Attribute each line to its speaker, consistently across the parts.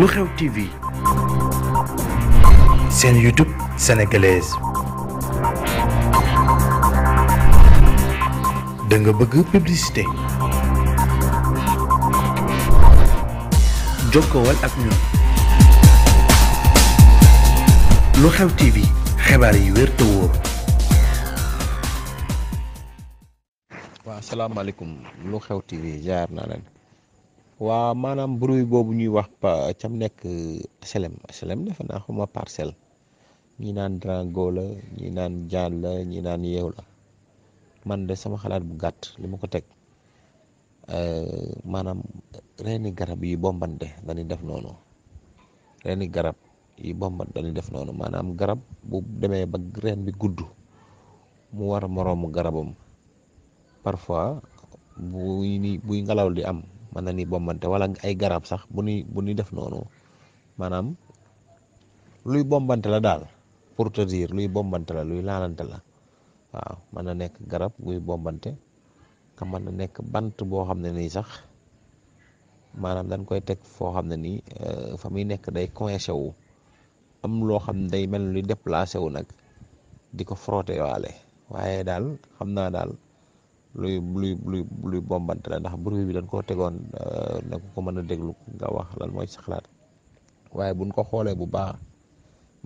Speaker 1: lu TV
Speaker 2: seen YouTube sénégalaise da nga bëgg publicité jokkowal ak ñun lu TV xibaar yi wér te wóor.
Speaker 1: waaw salaamaaleykum lu xew TV jaar na leen. waa maanaam bruit boobu ñuy wax cam nekk HLM euh, HLM defe naa xuma parcelle ñi naan Drango la ñi naan jaan ñii naan yeew la man de sama xalaat bu gàtt li ma ko teg euh, maanaam reeni garab yi bombante dañuy def noonu reeni garab yi bombat def noonu maanaam garab bu demee ba reen bi gudd mu war a moroomu garabam parfois buy ni ngelaw li am mën na ni bombante wala ay garab sax bu nuy bu ñuy def noonu maanaam luy bombante la daal pour te dire luy bombante la luy laalante la waaw mën na nekk garab guy bombante ka mën nekk bant boo xam ne nii sax maanaam dañ koy teg foo xam ne nii euh, fa muy nekk day coincé wu am loo xam ne day mel luy déplacé wu nag di ko frotté waale waaye daal xam naa daal. luy luy luy luy bombante la ndax bruit bi dañ koo tegoon euh, ne ku ko mën a déglu nga wax lan mooy sa waaye buñ ko xoolee bu baax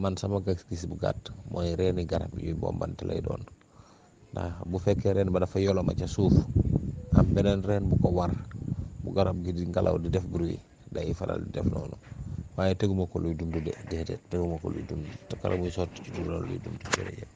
Speaker 1: man sama gis-gis bu gàtt mooy reeni garab yuy bombante lay doon ndax bu fekkee reen ba dafa yoloma ca suuf am beneen reen bu ko war bu garab gi di ngelaw di def bruit day faral di def noonu waaye teguma ko luy dund de déedéet teguma ko luy dund te karamuy sotti ci du loolu luy dund